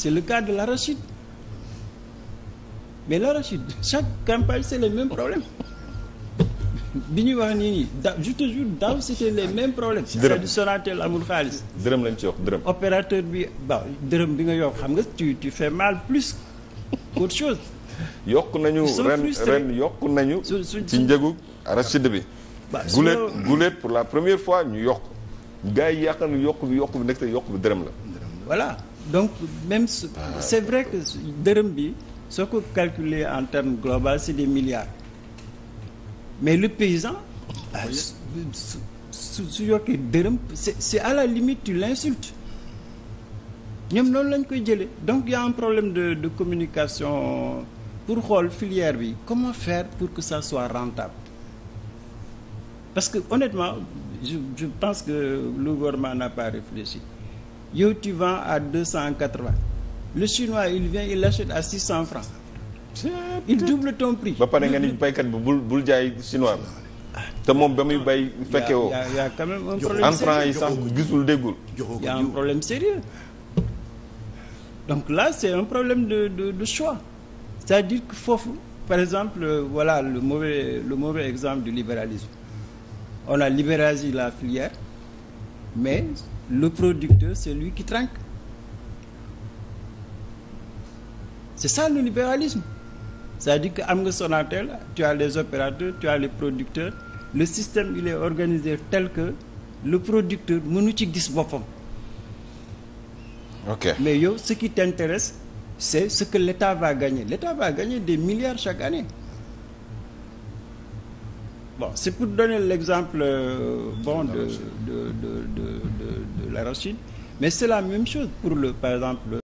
c'est le cas de rachid mais l'arachide chaque campagne c'est le même problème bi ñuy wax nii nii da je te jure daaw c'était les mêmes problèmes. dërëm du Sonatel amul xaalis. dërëm lañ ci wax dërëm. opérateur bi ba dërëm bi nga yokk xam nga tu tu fais mal plus qu'autre chose. yokk nañu ren ren yokk nañu. ci njëgu arachide bi. gulet gulet pour la première fois ñu yokk gars yi yaakaar ni yokk bi yokk bi nekk te yokk bi dërëm la. voilà. donc même ah. c'est vrai que dërëm bi soo ko calculer en termes global c'est des milliards mais le paysan ah, euh, su su yokkee dërëm c'est c'est à la limite tu l'insultes ñoom noonu lañ koy jële donc il un problème de de communication pour xool filière bi comment faire pour que ça soit rentable parce que honnêtement je je pense que le gouvernement n'a pas réfléchi yow tu à deux cent quatre-vingts le chinois il vient il l'achète à six cent francs il double ton prix. ba pare nga ni béykat bi bul bul jaay chinois bi te moom ba muy bay fekke woo. y' a quand même un yi sax gisul déggul. y' a un problème sérieux donc là c' un problème de de de choix c'est-à-dire que foofu par exemple voilà le mauvais le exemple du libéralisme on a libéralisé la filière. mais le producteur c'est lui qui trinque c'est ça le libéralisme c'est-à-dire que am nga Sonatel tu as opérateur opérateurs tu as le système il est organisé tel que le producteur mënu ci gis boppam ok mais yow ce qui t'intéresse c'est ce que l'État va gagner l'État va gagner des milliards chaque année Bon, c'est pour donner l'exemple euh, bon, de, de, de, mais c'est la même chose pour, le, par exemple,